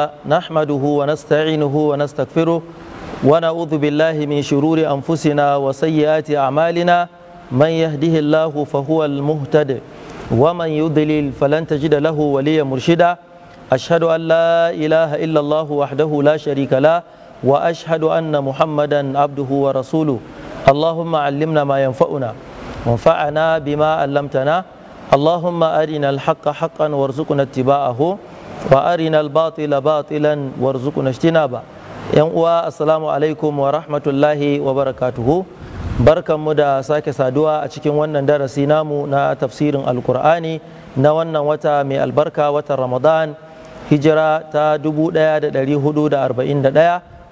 نحمده ونستعينه ونستغفره ونعوذ بالله من شرور أنفسنا وسيئات أعمالنا من يهده الله فهو المهتد ومن يضلل فلن تجد له وليا مرشدا أشهد أن لا إله إلا الله وحده لا شريك له وأشهد أن محمدا عبده ورسوله اللهم علمنا ما ينفعنا وانفعنا بما علمتنا اللهم أرنا الحق حقا وارزقنا اتباعه wa arina al-batila batilan warzuqna ijtinaba yan uwa assalamu alaikum wa rahmatullahi wa barakatuhu barkanmu da sake saduwa a cikin wannan darasi namu na tafsirin alkur'ani na wannan wata mai albarka watan ramadan hijira ta 1441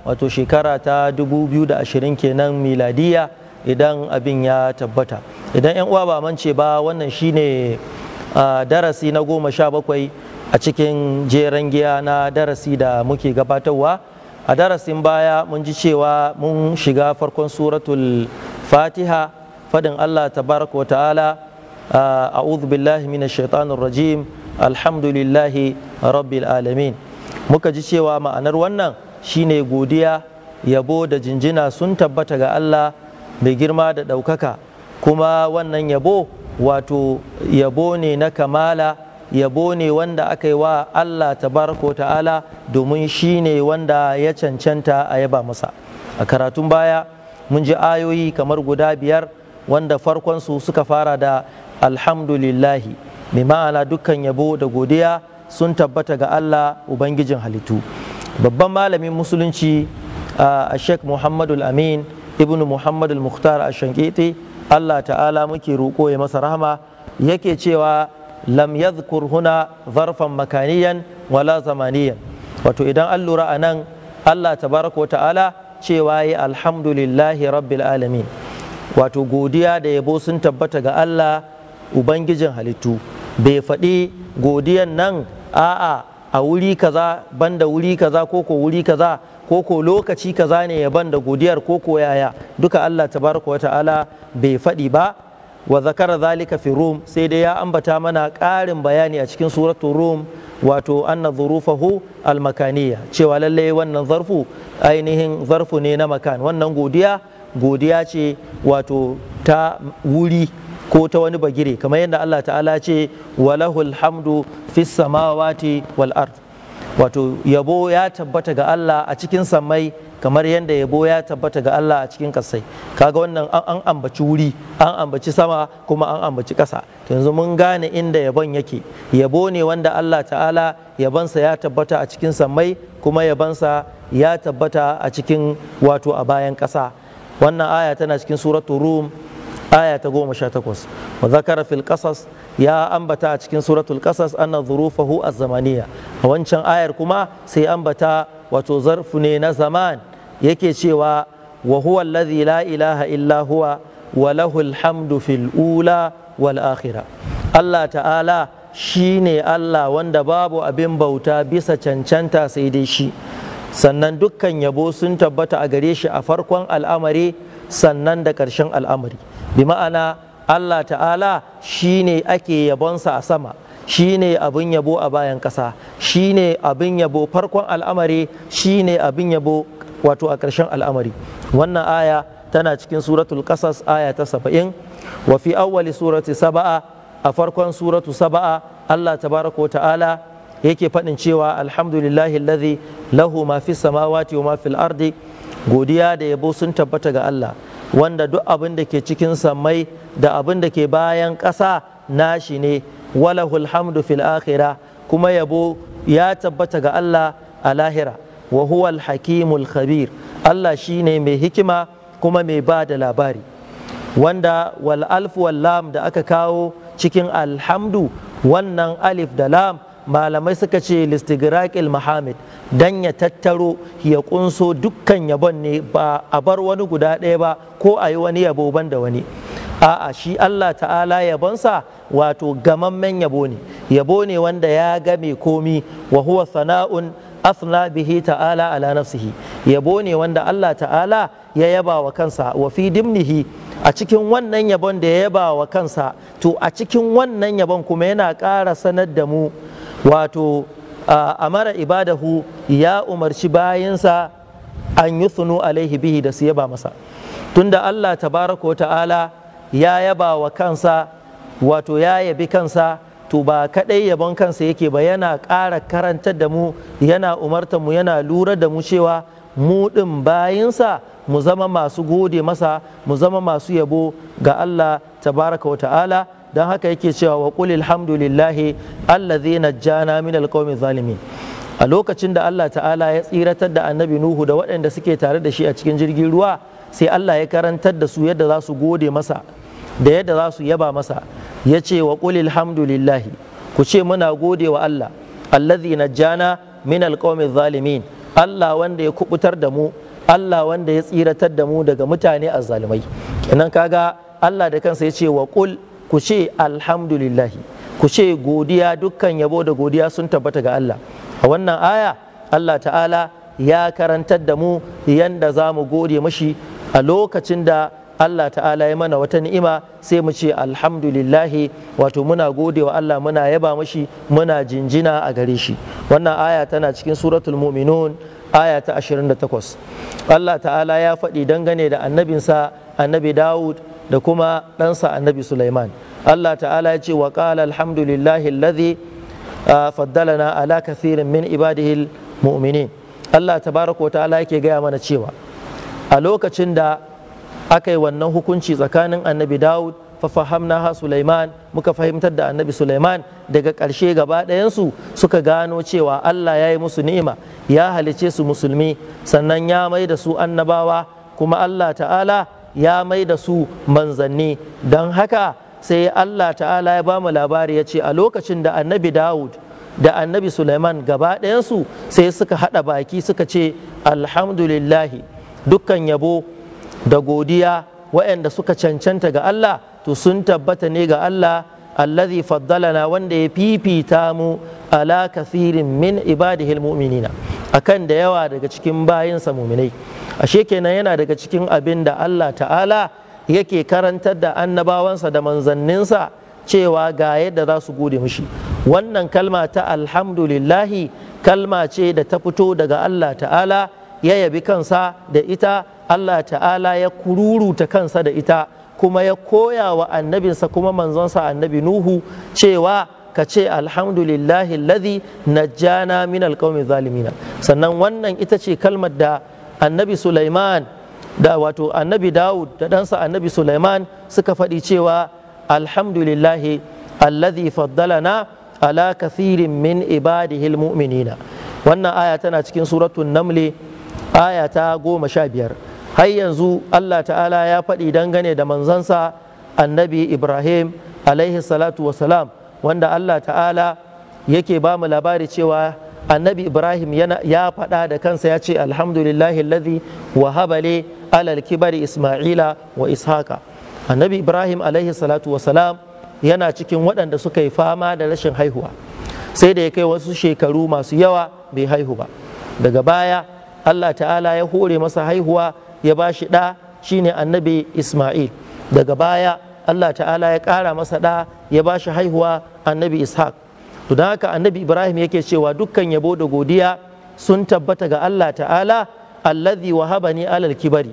wato shekara ta 2020 kenan miladiya idan abin ya tabbata idan yan uwa ba mance ba wannan shine ah, darasi na goma sha bakwai a cikin jeren giya na darasi da muke gabatarwa a darasin baya mun ji cewa mun shiga farkon suratul fatiha fadin allah tabaraka ta'ala a billahi mina shaitanun rajim alhamdulillahi rabbil alamin muka ji cewa ma'anar wannan shine godiya yabo da jinjina sun tabbata ga allah mai girma da ɗaukaka kuma wannan yabo wato yabo ne na kamala yabo ne wanda aka yi wa Allah tabaraka ta'ala domin shi ne wanda ya cancanta a yaba masa a karatun baya mun ji ayoyi kamar guda biyar wanda farkonsu suka fara da alhamdulillahi mai ma'ana dukkan yabo da godiya sun tabbata ga Allah ubangijin halittu babban malamin musulunci a sheikh muhammadu amin ibnu muhammadu muhtar a shankiti Allah ta'ala muke roƙo ya masa rahama yake cewa lam yadhkur huna zarfan makaniyan wala zamaniyan wato idan an lura a allah tabaraka wa ta'ala cewa yi alhamdulillahi rabbil alamin wato godiya da yabo sun tabbata ga allah ubangijin halittu bai faɗi godiyan nan a'a a wuri kaza banda wuri kaza ko ko wuri kaza ko lokaci kaza ne ya banda godiyar ko yaya duka allah tabaraka wa ta'ala bai faɗi ba wa zakara zalika fi rum sai dai ya ambata mana ƙarin bayani a cikin suratul rum wato anna zurufahu almakaniya cewa lallai wannan zarfu ainihin zarfu ne na makan wannan godiya godiya ce wato ta wuri ko ta wani bagire kamar yadda Allah ta'ala ce walahul hamdu fis samawati wal ard wato yabo ya tabbata ga Allah a cikin samai kamar yadda yabo ya tabbata ga Allah a cikin kasai kaga wannan an ambaci wuri an ambaci sama kuma an ambaci ƙasa yanzu mun gane inda yabon yake yabo ne wanda Allah ta'ala yabansa ya tabbata a cikin samai kuma yabansa ya tabbata a cikin wato a bayan ƙasa wannan aya tana cikin suratu rum aya ta goma sha takwas wa zakara fil ya ambata a cikin suratul ƙasas anna dhurufahu a zamaniya a wancan ayar kuma sai ambata wato zarfi ne na zaman yake cewa wa huwa la ilaha illa huwa wa lahul hamdu fil ula wal akhirah Allah ta'ala shi ne Allah wanda babu abin bauta bisa cancanta sai dai shi sannan dukkan yabo sun tabbata a gare shi a farkon al'amari sannan da ƙarshen al'amari bi ma'ana Allah ta'ala shi ne ake yabonsa a sama shi ne abin yabo a bayan ƙasa shi ne abin yabo farkon al'amari shi ne abin yabo wato a ƙarshen al'amari wannan aya tana cikin suratul ƙasas aya ta saba'in wa fi awwali surati saba'a a farkon suratu saba'a Allah tabaraka wa ta'ala yake faɗin cewa alhamdulillahi alladhi lahu ma fi samawati wa ma fil ardi godiya da yabo sun tabbata ga Allah wanda duk abin da ke cikin samai da abin da ke bayan ƙasa nashi ne walahul hamdu fil akhira kuma yabo ya tabbata ga Allah a lahira wa hakimul khabir Allah shine mai hikima kuma mai ba da labari wanda wal alf wal lam da aka kawo cikin alhamdu wannan alif da lam malamai suka ce listigiraƙil muhammad don ya tattaro ya kunso dukkan yabon ne ba a bar wani guda ɗaya ba ko a yi wani yabo ban da wani a'a shi Allah ta'ala yabonsa wato gamammen yabo ne yabo ne wanda ya game komi wa huwa sana'un asna bihi ta'ala ala nafsihi yabo ne wanda Allah ta'ala ya yaba wa kansa wa fi dimnihi a cikin wannan yabon da ya yaba wa kansa to a cikin wannan yabon kuma yana ƙara sanar da mu wato mara ibadahu ya umarci bayansa an yi sunu alaihi bihi da su yaba masa tunda Allah tabaraka ta'ala ya yaba wa kansa wato ya yabi kansa to ba kaɗai yabon kansa yake ba yana ƙara karantar da mu yana umarta mu yana lura da mu cewa mu ɗin bayinsa mu zama masu gode masa mu zama masu yabo ga Allah tabaraka wa ta'ala don haka yake cewa wa qul alhamdulillahi allazi najjana min alqawmi zalimin a lokacin da Allah ta'ala ya tsiratar da annabi Nuhu da waɗanda suke tare da shi a cikin jirgin ruwa sai Allah ya karantar da su yadda za su gode masa da yadda za su yaba masa ya ce wa qul alhamdulillahi ku ce muna gode wa Allah allazi najjana min alqawmi zalimin Allah wanda ya kubutar da mu Allah wanda ya tsiratar da mu daga mutane azzalumai kenan kaga Allah da kansa ya ce wa ku ce alhamdulillahi ku ce godiya dukkan yabo da godiya sun tabbata ga Allah a wannan aya Allah ta'ala ya karantar da mu yanda za mu gode mashi a lokacin da Allah ta'ala ya mana wata ni'ima sai mu ce alhamdulillahi wato muna gode wa Allah muna yaba mashi muna jinjina a gare shi wannan aya tana cikin suratul mu'minun aya ta 28 Allah ta'ala ya faɗi dangane da annabinsa annabi Dawud da kuma ɗansa annabi Sulaiman Allah ta'ala ya ce wa qala alhamdulillahi alladhi faddalana ala kathirin min ibadihi mu'minin Allah tabaraka wa ta'ala yake gaya mana cewa a lokacin da aka yi wannan hukunci tsakanin annabi Dawud fafahamna ha Sulaiman muka fahimtar da annabi Sulaiman daga ƙarshe gaba ɗayansu suka gano cewa Allah ya yi musu ni'ima ya halice su musulmi sannan ya mai da su annabawa kuma Allah ta'ala ya mai da su manzanni don haka sai Allah ta'ala ya ba mu labari ya ce a lokacin da annabi Dawud da annabi Suleiman gaba ɗayansu sai suka haɗa baki suka ce alhamdulillahi dukkan yabo da godiya waɗanda suka cancanta ga Allah to sun tabbata ne ga Allah allazi faddalana wanda ya fifita mu ala kathirin min ibadihil mu'minina akan da yawa daga cikin bayinsa muminai ashe kenan yana daga cikin abin da Allah ta'ala yake karantar da annabawansa da manzanninsa cewa ga yadda za su gode mushi wannan kalma ta alhamdulillahi kalma ce da ta fito daga Allah ta'ala ya yabi kansa da ita Allah ta'ala ya kururuta kansa da ita kuma ya koya wa annabinsa kuma manzonsa annabi Nuhu cewa ka ce alhamdulillahi alladhi najjana min alqaumi zalimina sannan wannan ita ce kalmar da annabi Sulaiman da wato annabi Dawud da ɗansa annabi Sulaiman suka faɗi cewa alhamdulillahi alladhi faddalana ala kathirin min ibadihi mu'minina wannan aya tana cikin suratun namli aya ta goma sha biyar har yanzu Allah ta'ala ya faɗi dangane da manzansa annabi Ibrahim alaihi salatu wasalam wanda Allah ta'ala yake ba mu labari cewa annabi ibrahim ya faɗa da kansa ya ce alhamdulillahi alladhi wa habale alal kibari isma'ila wa ishaqa annabi ibrahim alaihi salatu wa salam yana cikin waɗanda suka yi fama da rashin haihuwa sai da ya kai wasu shekaru masu yawa bai haihu ba daga baya allah ta'ala ya hore masa haihuwa ya ba shi ɗa shine annabi isma'il daga baya allah ta'ala ya ƙara masa ɗa ya ba shi haihuwa annabi ishaq to haka annabi ibrahim yake cewa dukkan yabo da godiya sun tabbata ga allah ta'ala allazi wahabani alal kibari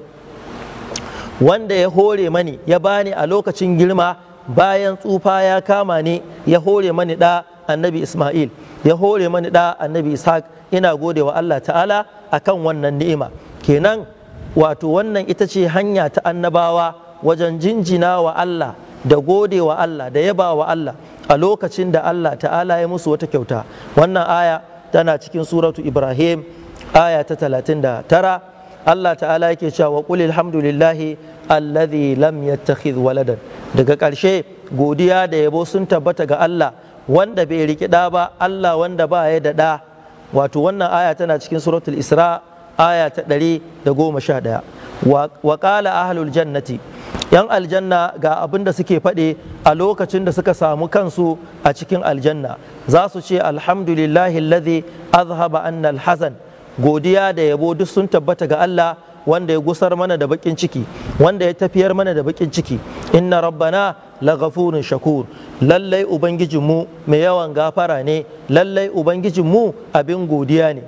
wanda ya hore mani ya bani a lokacin girma bayan tsufa ya kama ni ya hore mani da annabi isma'il ya hore mani da annabi ishaq ina gode wa allah ta'ala akan wannan ni'ima kenan wato wannan ita ce hanya ta annabawa wajen jinjina wa allah da gode wa allah da yaba wa allah a lokacin da Allah ta'ala ya musu wata kyauta wannan aya tana cikin suratu ibrahim aya ta talatin da tara Allah ta'ala yake cewa qul alhamdulillahi alladhi lam yattakhidh waladan daga ƙarshe godiya da yabo sun tabbata ga Allah wanda bai riki ɗa ba Allah wanda ba ya da ɗa wato wannan aya tana cikin suratul isra aya ta ɗari da goma sha ɗaya wa ahlul jannati yan aljanna ga abin da suke faɗe a lokacin da suka samu kansu a cikin aljanna za su ce alhamdulillahi lazi azhaba anna alhazan godiya da yabo duk sun tabbata ga Allah wanda ya gusar mana da bakin ciki wanda ya tafiyar mana da bakin ciki inna rabbana lagafurin shakur lallai ubangijinmu mai yawan gafara ne lallai ubangijinmu abin godiya ne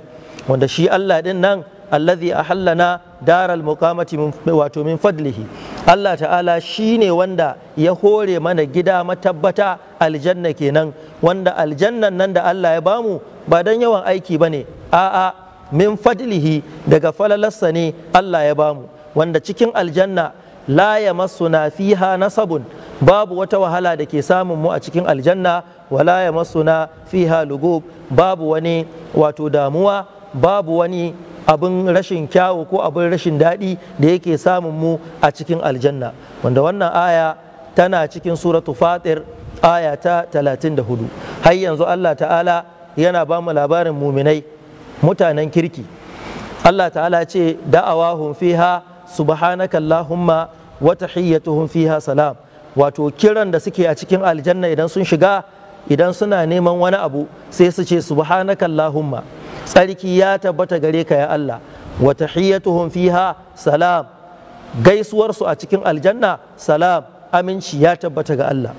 wanda shi Allah din nan allazi ahallana daral muqamati wato min fadlihi Allah ta'ala shine wanda ya hore mana gida matabbata aljanna kenan wanda aljannan nan da Allah ya bamu ba dan yawan aiki bane a'a min fadlihi daga falalarsa ne Allah ya bamu wanda cikin aljanna la ya masuna fiha nasabun babu wata wahala da ke samun mu a cikin aljanna wala ya masuna fiha lugub babu wani wato damuwa babu wani abin rashin kyawu ko abin rashin daɗi da yake samun mu a cikin aljanna wanda wannan aya tana cikin suratu fatir aya ta 34 har yanzu Allah ta'ala yana ba mu labarin muminai mutanen kirki Allah ta'ala ce da'awahum fiha subhanaka allahumma wa tahiyyatuhum fiha salam wato kiran da suke a cikin aljanna idan sun shiga idan suna neman wani abu sai su ce subhanaka allahumma tsarki ya tabbata gare ka ya Allah wa tahiyyatuhum fiha salam su a cikin aljanna salam aminci ya tabbata ga Allah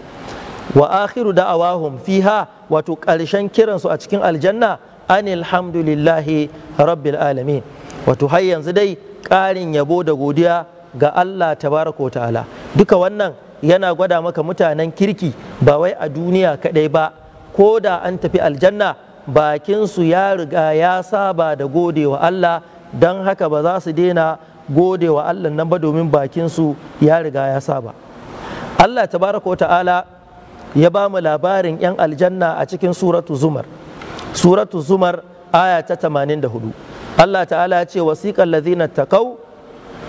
wa akhiru da'awahum fiha wato ƙarshen kiransu a cikin aljanna anilhamdulillahi hamdulillahi rabbil alamin wato har yanzu dai ƙarin yabo da godiya ga Allah tabaraka ta'ala duka wannan yana gwada maka mutanen kirki ba wai a duniya kaɗai ba ko da an tafi aljanna bakinsu ya riga ya saba da gode wa Allah don haka ba za su daina gode wa Allah nan ba domin bakinsu ya riga ya saba Allah tabaraka ta'ala ya ba mu labarin 'yan aljanna a cikin suratu zumar suratu zumar aya ta 84 Allah ta'ala ya ce wasiƙar lazina taqaw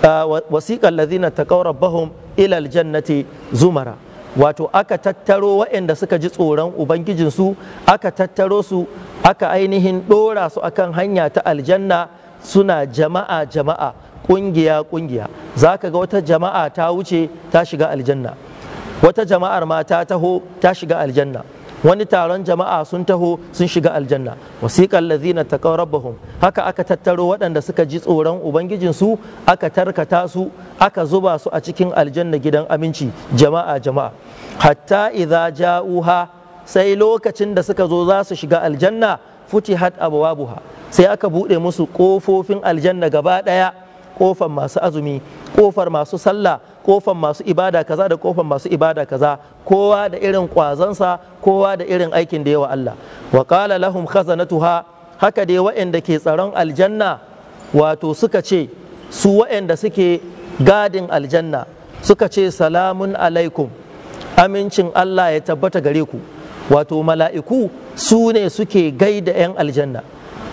uh, wasiƙar lazina taqaw rabbahum ila aljannati zumara wato aka tattaro waɗanda suka ji tsoron ubangijinsu aka tattaro su aka ainihin ɗora su akan hanya ta aljanna suna jama'a jama'a ƙungiya ƙungiya za ka ga wata jama'a ta wuce ta shiga aljanna wata jama'ar ma ta taho ta shiga aljanna wani taron jama'a sun taho sun shiga aljanna wasiqal ladzina taqaw rabbahum haka aka tattaro waɗanda suka ji tsoron ubangijinsu aka tarkata su aka zuba su a cikin aljanna gidan aminci jama'a jama'a hatta idza ja'uha sai lokacin da suka zo za su shiga aljanna futihat abwabuha sai aka bude musu kofofin aljanna gaba daya kofar masu azumi kofar masu sallah kofan masu ibada kaza da kofan masu ibada kaza kowa da irin kwazansa kowa da irin aikin da yawa Allah wa qala lahum khazanatuha haka dai waɗanda ke tsaron aljanna wato suka ce su waɗanda suke gadin aljanna suka ce salamun alaikum amincin Allah ya tabbata gare ku wato mala'iku su ne suke gaida 'yan aljanna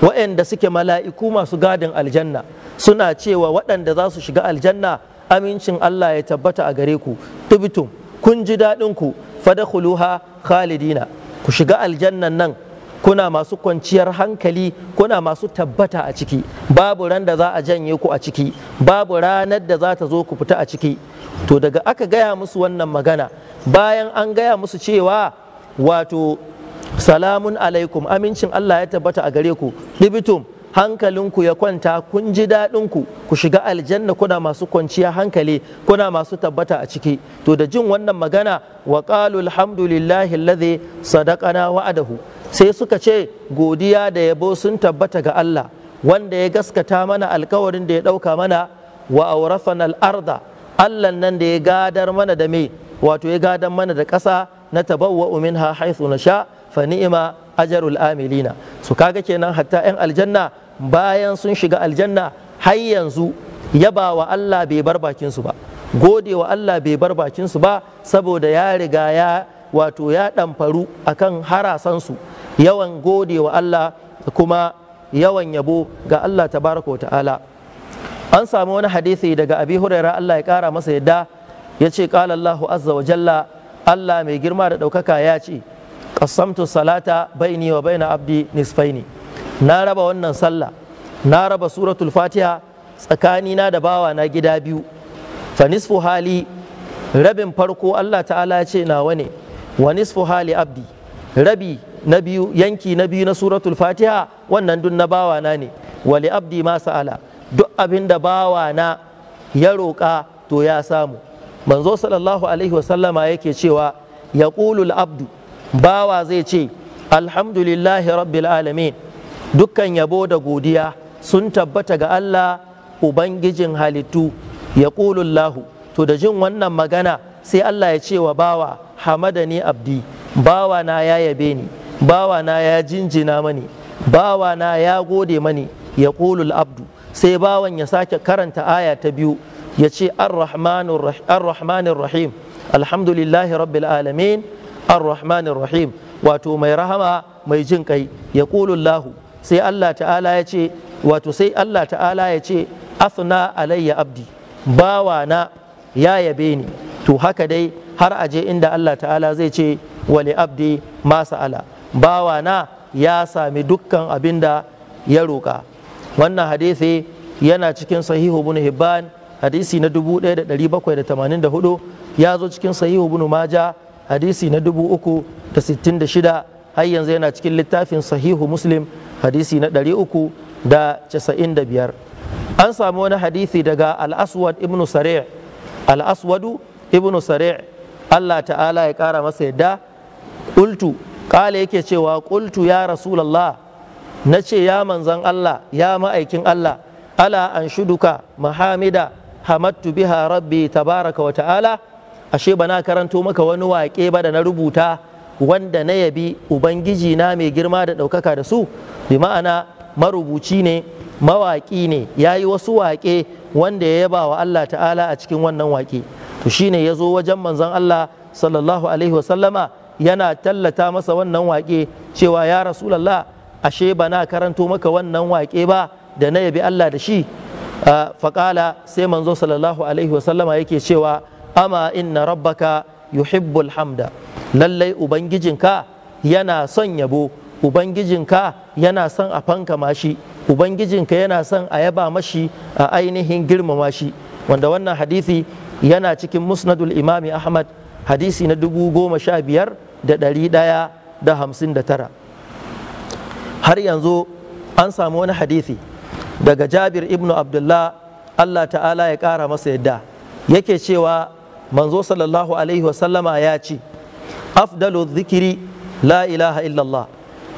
waɗanda suke mala'iku masu gadin aljanna suna cewa waɗanda za su shiga aljanna amincin Allah ya tabbata a gare ku tubitum kun ji daɗin ku fadakhuluha khalidina ku shiga aljannan nan kuna masu kwanciyar hankali kuna masu tabbata a ciki babu ran da za a janye ku a ciki babu ranar da za ta zo ku fita a ciki to daga aka gaya musu wannan magana bayan an gaya musu cewa wato salamun alaikum amincin Allah ya tabbata a gare ku libitum hankalinku ya kwanta kun ji daɗinku ku shiga aljanna kuna masu kwanciya hankali kuna masu tabbata a ciki to da jin wannan magana wa qalu alhamdulillahi alladhi sadaqana wa'adahu sai suka ce godiya da yabo sun tabbata ga Allah wanda ya gaskata mana alkawarin da ya ɗauka mana wa aurafana arda. Allah nan da ya gadar mana da me wato ya gadar mana da ƙasa na ha minha haythu nasha fa ni'ima ajarul amilina su kaga kenan hatta 'yan aljanna bayan sun shiga aljanna har yanzu yaba wa Allah bai bar bakinsu ba gode wa Allah bai bar bakinsu ba saboda ya riga ya wato ya ɗamfaru akan harasansu yawan gode wa Allah kuma yawan yabo ga Allah tabaraka wa ta'ala an samu wani hadisi daga abi huraira Allah ya kara masa yadda ya ce qala Allahu azza wa jalla Allah mai girma da ɗaukaka ya ce qasamtu salata baini wa baina abdi nisfaini na raba wannan sallah na raba suratul fatiha tsakanina da bawa na gida biyu fa nisfu hali rabin farko Allah ta'ala ce nawa ne wa nisfu hali abdi rabi na biyu yanki na biyu na suratul fatiha wannan dun na bawa na ne wali abdi ma sa'ala duk abin da bawa na ya roƙa to ya samu manzo sallallahu alaihi wasallama yake cewa ya abdu bawa zai ce alhamdulillahi rabbil alamin dukkan yabo da godiya sun tabbata ga Allah ubangijin halittu ya Lahu to da jin wannan magana sai Allah ya ce wa bawa hamada ne abdi bawa na ya yabe ni bawa na ya jinjina mani bawa na ya gode mani ya abdu sai bawan ya sake karanta aya ta biyu ya ce ar-rahmanir rahim alhamdulillahi rabbil alamin ar-rahmanir rahim wato mai rahama mai jin kai ya Lahu sai Allah ta'ala ya ce wato sai Allah ta'ala ya ce asna alayya abdi bawa na ya yabe ni to haka dai har aje inda Allah ta'ala zai ce wali abdi ma sa'ala bawa na ya sami dukkan abin da ya roƙa wannan hadisi yana cikin sahihu ibn hibban hadisi na 1784 ya zo cikin sahihu ibn maja hadisi na 366 har yanzu yana cikin littafin sahihu muslim hadisi na ɗari uku da da casa'in biyar. an samu wani hadisi daga Al'aswad aswad ibnu sari' al-aswadu ibnu sari' Allah ta'ala ya kara masa yadda qultu kala yake cewa qultu ya rasulullah na ce ya manzan Allah ya ma'aikin Allah ala an shuduka mahamida hamattu biha rabbi tabaraka wa ta'ala ashe bana karanto maka wani waƙe ba da na rubuta wanda na yabi ubangiji na mai girma da ɗaukaka da su bi ma'ana marubuci ne mawaƙi ne ya yi wasu waƙe wanda ya yaba wa Allah ta'ala a cikin wannan waƙe to shine ya zo wajen manzon Allah sallallahu alaihi wasallama yana tallata masa wannan waƙe cewa ya rasulallah ashe ba na karanto maka wannan waƙe ba da na yabi Allah da shi faƙala sai manzo sallallahu alaihi wasallama yake cewa amma inna rabbaka yuhibbul hamda lallai ubangijinka yana son yabo ubangijinka yana son a fanka mashi ubangijinka yana son a yaba mashi a ainihin girmama shi wanda wannan hadisi yana cikin musnadul imami ahmad hadisi na dubu goma sha biyar da ɗari ɗaya da hamsin da tara har yanzu an samu wani hadisi daga jabir ibnu abdullah allah ta'ala ya ƙara masa yadda yake cewa manzo sallallahu alaihi wasallama ya ce afdalu zikiri la ilaha illallah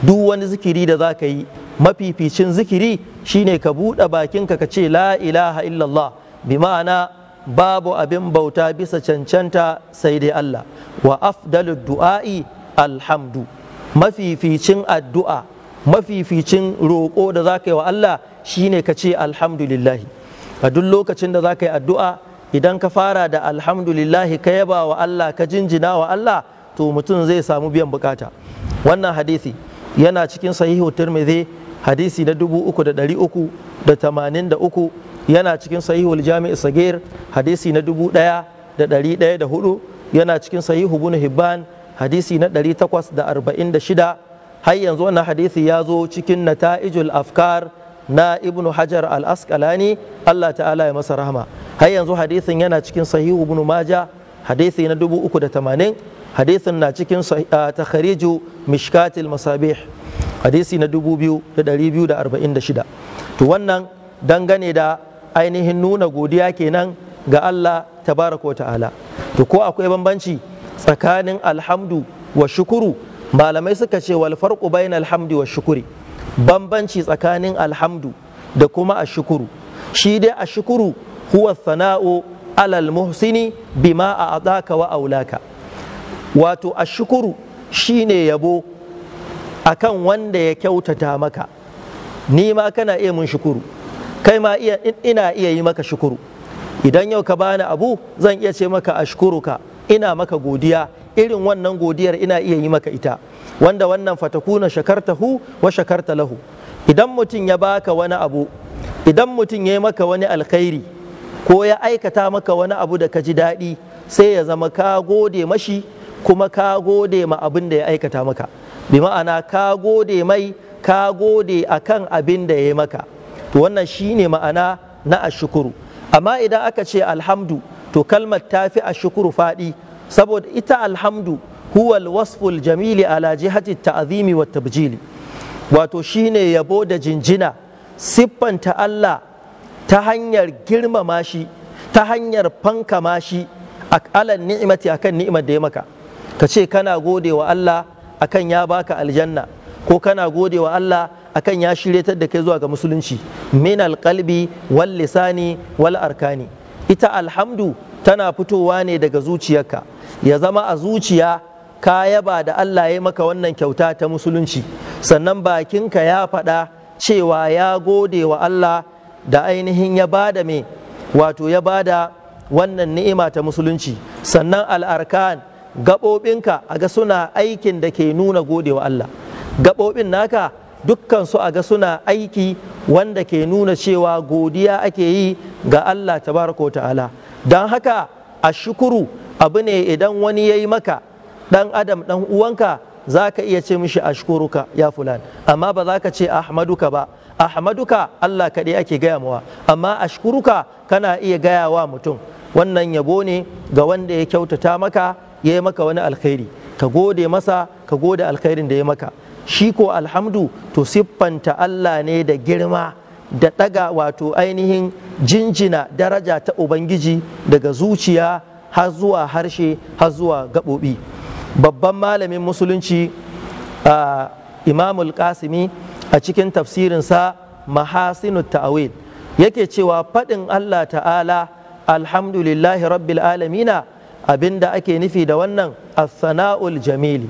duk wani zikiri da za ka yi mafificin zikiri shine ka buɗe bakinka ka ce la ilaha illallah bi ma'ana babu abin bauta bisa cancanta sai dai Allah wa afdalu du'a'i alhamdu mafificin addu'a mafificin roƙo da za ka yi wa Allah shine ka ce alhamdulillahi a duk lokacin da za ka yi addu'a idan ka fara da alhamdulillahi ka yaba wa Allah ka jinjina wa Allah to mutum zai samu biyan bukata wannan hadisi yana cikin sahihu tirmidhi hadisi na uku yana cikin sahihul jami'i sagir hadisi na dubu ɗaya ɗaya da hudu yana cikin sahihu bin hibban hadisi na da da arba'in shida. har yanzu wannan hadisi ya zo cikin nata'ijul afkar na ibn hajar al-asqalani Allah ta'ala ya masa rahama har yanzu hadisin yana cikin sahihu ibn maja hadisi na dubu tamanin. hadisin na cikin takhariju mishkatil masabih hadisi na 2246 to wannan dangane da ainihin nuna godiya kenan ga Allah tabaraka ta'ala to ko akwai bambanci tsakanin alhamdu wa shukuru malamai suka ce wal farqu bain alhamdi wa shukuri bambanci tsakanin alhamdu da kuma ashukuru shi dai ashukuru huwa sana'u alal muhsini bima a wa aulaka wato ashukuru ne yabo a kan wanda ya kyautata maka ni ma kana iya mun shukuru kai ma iya ina iya yi maka shukuru idan yau ka bani abu zan iya ce maka ka ina maka godiya irin wannan godiyar ina iya yi maka ita wanda wannan fatakuna shakartahu wa shakarta lahu idan mutum ya baka wani abu idan mutum ya yi maka wani alkhairi ko ya aikata maka wani abu da ka ji daɗi sai ya zama ka gode mashi kuma ka gode ma abin da ya aikata maka bi ma'ana ka gode mai ka gode a kan abin da ya yi maka to wannan ne ma'ana na ashukuru amma idan aka ce alhamdu to kalmar ta fi ashukuru faɗi saboda ita alhamdu huwal wasful jamili ala jihati ta'azimi wa tabjili wato shi ne yabo da jinjina siffanta Allah ta hanyar girmama shi ta hanyar fankama shi a ni'imati akan ni'imar da ya maka ka ce kana gode wa Allah akan ya baka aljanna ko kana gode wa Allah akan ya shiryatar da kai zuwa ga musulunci min alqalbi wal lisani wal arkani ita alhamdu tana fitowa ne daga zuciyarka ya zama a zuciya ka yaba da Allah ya maka wannan kyauta ta musulunci sannan bakinka ya faɗa cewa ya gode wa Allah da ainihin ya bada me wato ya bada wannan ni'ima ta musulunci sannan al'arkan gaɓoɓinka a ga suna aikin da ke nuna godewa Allah gaɓoɓin naka dukkansu su a ga suna aiki wanda ke nuna cewa godiya ake yi ga Allah Ta tabaraka ta'ala don haka a shukuru abu ne idan wani ya yi maka ɗan adam ɗan uwanka za ka iya ce mishi ashkuruka ya fulan amma ba za ka ce ahmaduka ba ahmaduka Allah kaɗai ake gaya mawa amma ashkuruka kana iya gaya wa mutum wannan yabo ne ga wanda ya kyautata maka ya yi maka wani alkhairi ka gode masa ka gode alkhairin da ya maka shi ko alhamdu to siffanta Allah ne da girma da ɗaga wato ainihin jinjina daraja ta ubangiji daga zuciya har zuwa harshe har zuwa gaɓoɓi babban malamin musulunci a imamul kasimi a cikin tafsirinsa mahasinu ta'awil yake cewa faɗin Allah ta'ala alhamdulillahi rabbil alamina abinda ake nufi da wannan Asana'ul sanaul jamili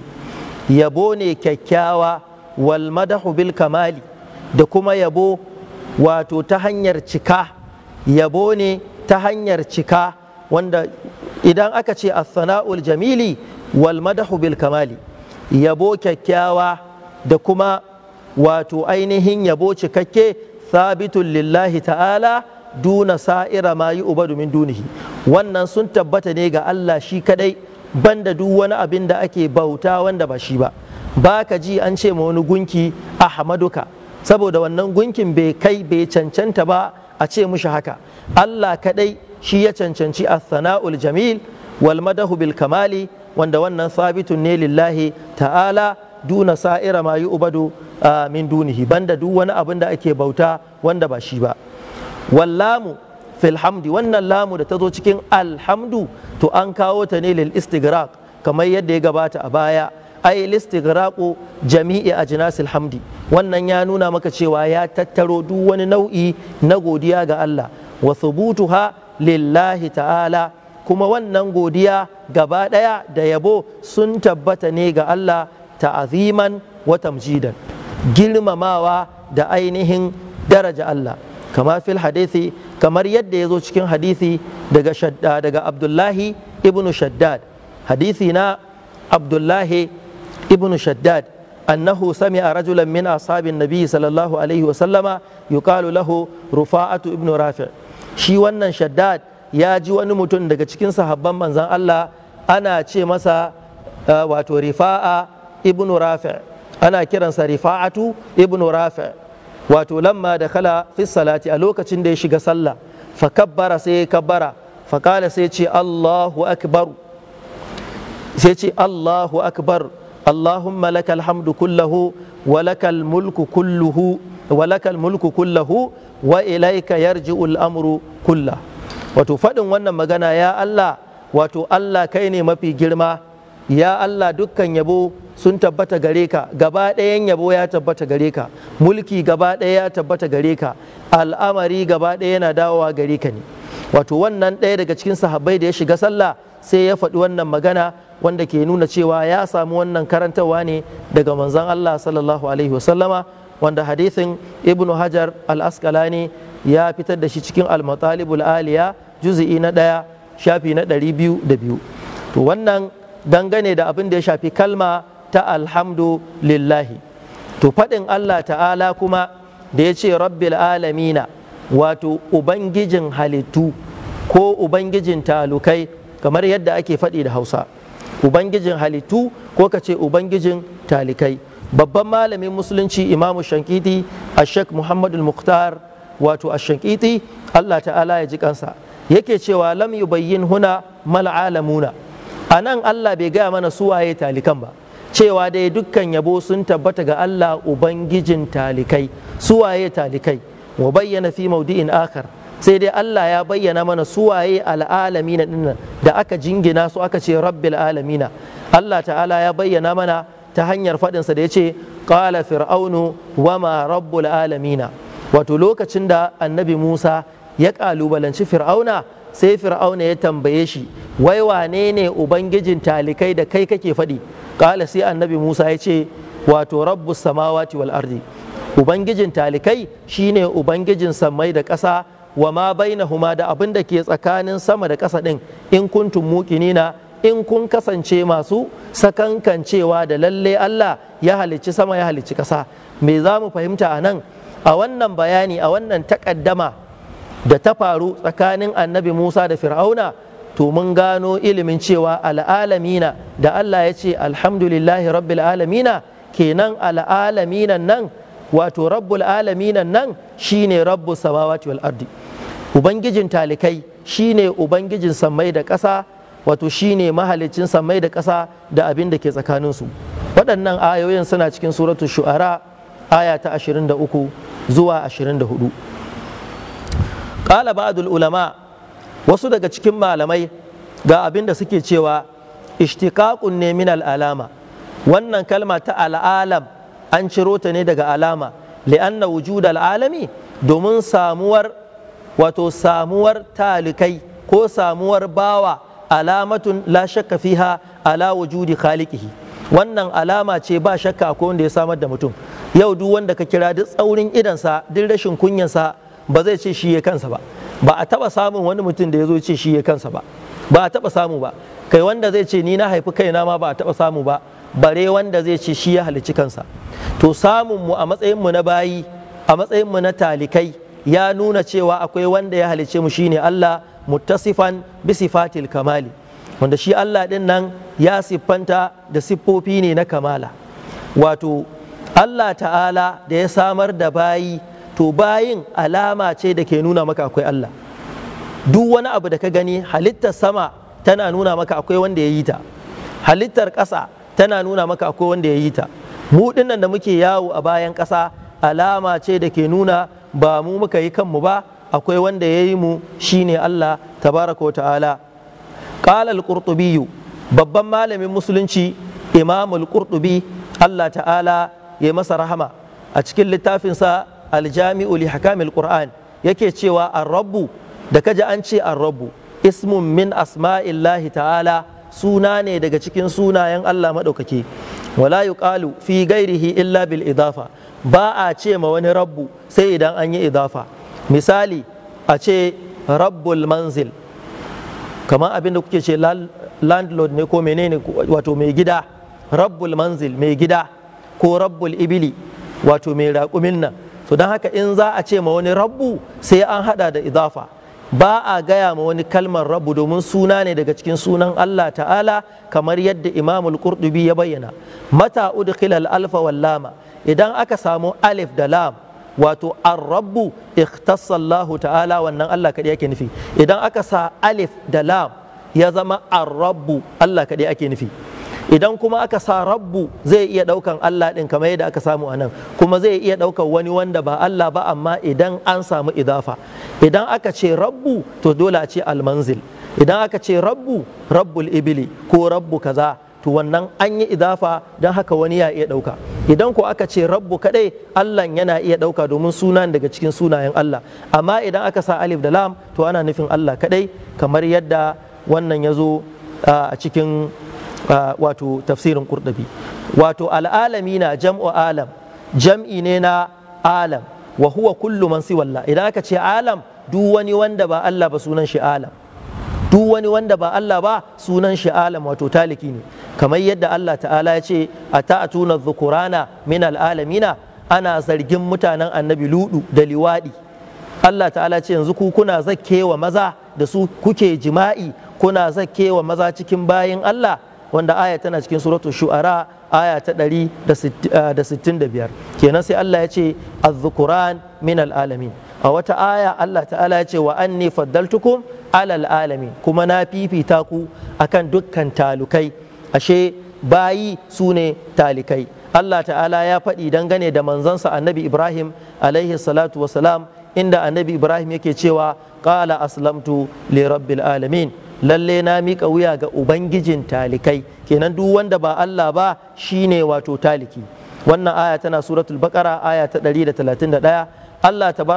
yabo ne kyakkyawa wal madahu bil kamali da kuma yabo wato ta hanyar cika yabo ne ta hanyar cika wanda idan aka ce Asana'ul jamili wal madahu bil kamali yabo kyakkyawa da kuma wato ainihin yabo cikakke sabitun lillahi ta'ala duna sa'ira ma yi uba domin dunihi wannan sun tabbata ne ga Allah shi kadai banda duk wani abin da ake bauta wanda ba shi ba ba ka ji an ce ma wani gunki ahmaduka saboda wannan gunkin bai kai bai cancanta ba a ce mushi haka Allah kadai shi ya cancanci as-sana'ul jamil wal madahu bil kamali wanda wannan sabitun ne lillahi ta'ala duna sa'ira ma yu'badu ah, min dunihi banda duk wani abin da ake bauta wanda ba shi ba wallamu filhamdi wannan lamu da ta zo cikin alhamdu to an kawo ta ne lil istighraq kamar yadda ya gabata a baya ai listighraqu jami'i a jinasil hamdi wannan ya nuna maka cewa ya tattaro duk wani nau'i na godiya ga Allah wa thubutuha lillahi ta'ala kuma wannan godiya gaba daya da yabo sun tabbata ne ga Allah ta'aziman wa tamjidan girmamawa da ainihin daraja Allah kama fil hadisi kamar yadda ya zo cikin hadisi daga shadda daga abdullahi ibnu shaddad hadisi na abdullahi ibnu shaddad annahu sami'a rajulan min ashabin sallallahu alaihi wa sallama yuqalu lahu rufa'atu ibnu rafi' shi wannan shaddad ya ji wani mutum daga cikin sahabban manzan Allah ana ce masa uh, wato rifa'a ibnu rafi' ana kiransa rifa'atu ibnu rafi' wato lamma da kala fi salati a lokacin da ya shiga sallah fa kabbara sai ya kabbara fa kala sai ce Allahu akbar sai ce Allahu akbar Allahumma lakal hamdu kullahu wa lakal mulku kulluhu wa lakal mulku kullahu wa ilaika yarji'ul amru kulla. wato fadin wannan magana ya Allah wato Allah kai ne mafi girma ya Allah dukkan yabo sun tabbata gare ka gaba ɗayan yabo ya tabbata gare ka mulki gaba ɗaya ya tabbata gare ka al'amari gaba ɗaya yana dawowa gare ka ne wato wannan ɗaya daga cikin sahabbai da ya shiga sallah sai ya faɗi wannan magana wanda ke nuna cewa ya samu wannan karantarwa ne daga manzon Allah sallallahu alaihi wasallama wanda hadithin ibnu hajar al-asqalani ya fitar da shi cikin al-matalibul aliya juz'i na ɗaya shafi na ɗari biyu da biyu to wannan dangane da abin da ya shafi kalma ta alhamdulillahi to faɗin Allah ta'ala kuma da ya ce rabbil alamina wato ubangijin halittu ko ubangijin talukai kamar yadda ake faɗi da hausa ubangijin halittu ko ka ce ubangijin talikai babban malamin musulunci imamu shankiti a sheikh muhammadu muktar wato a shankiti allah ta'ala ya ji kansa yake cewa lam bayyin huna mala'alamuna a nan allah bai gaya mana suwaye talikan ba cewa dai dukkan yabo sun tabbata ga Allah ubangijin talikai suwaye talikai wa bayyana fi maudi'in akar sai dai Allah ya bayyana mana suwaye al'alamina dinnan da aka jingina su aka ce rabbil alamina Allah ta'ala ya bayyana mana ta hanyar faɗinsa da ya ce "Ƙala fir'aunu wa ma rabbul alamina wato lokacin da annabi Musa ya ƙalubalanci fir'auna sai fir'auna ya tambaye shi wai wane ne ubangijin talikai da kai kake faɗi Kala sai annabi musa ya ce wato rabbu samawati wal ardi ubangijin talikai shine ubangijin sammai da ƙasa wa ma bainahuma da abin da ke tsakanin sama da ƙasa ɗin in kuntum muqinina in kun kasance masu sakankancewa da lalle Allah ya halicci sama ya halicci ƙasa me za mu fahimta anan? a wannan bayani a wannan takaddama da ta faru tsakanin annabi Musa da Fir'auna to mun gano ilimin cewa al'alamina da Allah ya ce alhamdulillahi rabbil alamina kenan al'alamina nan wato rabbul alamina nan shine rabbu samawati wal ardi ubangijin talikai shine ubangijin samai da ƙasa wato shine mahalicin samai da ƙasa da abin da ke su waɗannan ayoyin suna cikin suratu shu'ara aya ta 23 zuwa 24 qala ba'dul ulama wasu daga cikin malamai ga abin da suke cewa ishtiqaqun ne min al'alama wannan kalma ta al'alam an ciro ta ne daga alama li'anna wujud al'alami domin samuwar wato samuwar talikai ko samuwar bawa alamatun la shakka fiha ala wujudi khaliqihi wannan alama ce ba shakka akwai wanda ya samar da mutum yau duk wanda ka kira duk tsaurin idansa duk rashin kunyansa ba zai ce shi ya kansa ba ba a taba samun wani mutum da ya zo ce shi ya kansa ba ba a taba samu ba kai wanda zai ce ni na haifi kaina ma ba a taba samu ba bare wanda zai ce shi ya halicci kansa to samun mu a matsayin mu na bayi a matsayin mu na talikai ya nuna cewa akwai wanda ya halicce mu shine Allah muttasifan bi sifatil kamali wanda shi Allah din nan ya siffanta da siffofi ne na kamala wato Allah ta'ala da ya samar da bayi to bayin alama ce da ke nuna maka akwai Allah duk wani abu da ka gani halittar sama tana nuna maka akwai wanda ya yi ta halittar ƙasa tana nuna maka akwai wanda ya yi ta mu dinnan da muke yawo a bayan ƙasa alama ce da ke nuna ba mu muka yi kanmu ba akwai wanda ya yi mu shine Allah tabaraka wa ta'ala qala al-qurtubi babban malamin musulunci imam al Allah ta'ala ya masa rahama a cikin littafinsa aljami'u li hakamil qur'an yake cewa ar-rabbu da kaji an ce ar-rabbu ismun min asma'illahi ta'ala suna ne daga cikin sunayen Allah maɗaukaki wala yuqalu fi gairihi illa bil idafa ba a ce ma wani rabbu sai idan an yi idafa misali a ce rabbul manzil kamar abin da kuke ce landlord ne ko menene wato mai gida rabbul manzil mai gida ko rabbul ibili wato mai raƙumin nan to don haka in za a ce ma wani rabbu sai an hada da idafa ba a gaya ma wani kalmar rabu domin suna ne daga cikin sunan Allah ta'ala kamar yadda imamul qurtubi ya bayyana mata udkhilal alfa wal lama idan aka samu alif da lam wato ar-rabbu ikhtassa Allah ta'ala wannan Allah kadai yake nufi idan aka sa alif da lam ya zama ar-rabbu Allah kadai ake nufi idan kuma aka sa rabbu zai iya daukan Allah din kamar yadda aka samu anan kuma zai iya daukan wani wanda ba Allah ba amma idan an samu idafa idan aka ce rabbu to dole a ce almanzil idan aka ce rabbu rabbul ibili ko rabbu kaza to wannan an yi idafa don haka wani ya iya ɗauka idan ko aka ce rabbu kadai allah yana iya ɗauka domin sunan daga cikin sunayen allah amma idan aka sa alif da lam to ana nufin allah kadai kamar yadda wannan ya zo a cikin wato tafsirin kurɗabi. wato al'alami na jam'u alam jam'i ne na alam wa huwa kullu man siwalla idan aka ce alam duk wani wanda ba Allah ba sunan shi alam duk wani wanda ba Allah ba sunan shi alam wato taliki ne kamar yadda Allah ta'ala ya ce a ta'atuna dhukurana min al'alamina ana zargin mutanen annabi ludu da liwadi Allah ta'ala ce yanzu ku kuna zakkewa maza da su kuke jima'i kuna zakkewa maza cikin bayin Allah wanda aya tana cikin suratul shu'ara aya ta eh, biyar. kenan sai Allah ya ce azzukuran min alalamin a wata aya Allah ta'ala ya ce wa anni faddaltukum alal alamin kuma na fifita ku akan dukkan talukai ashe bayi su ne talikai Allah ta'ala ya faɗi dangane da manzansa annabi Ibrahim alaihi salatu wasalam inda annabi Ibrahim yake cewa qala aslamtu li rabbil alamin lalle na miƙa wuya ga ubangijin talikai kenan duk wanda ba Allah ba shine wato taliki wannan aya tana suratul baqara aya ta 131 Allah tabaraka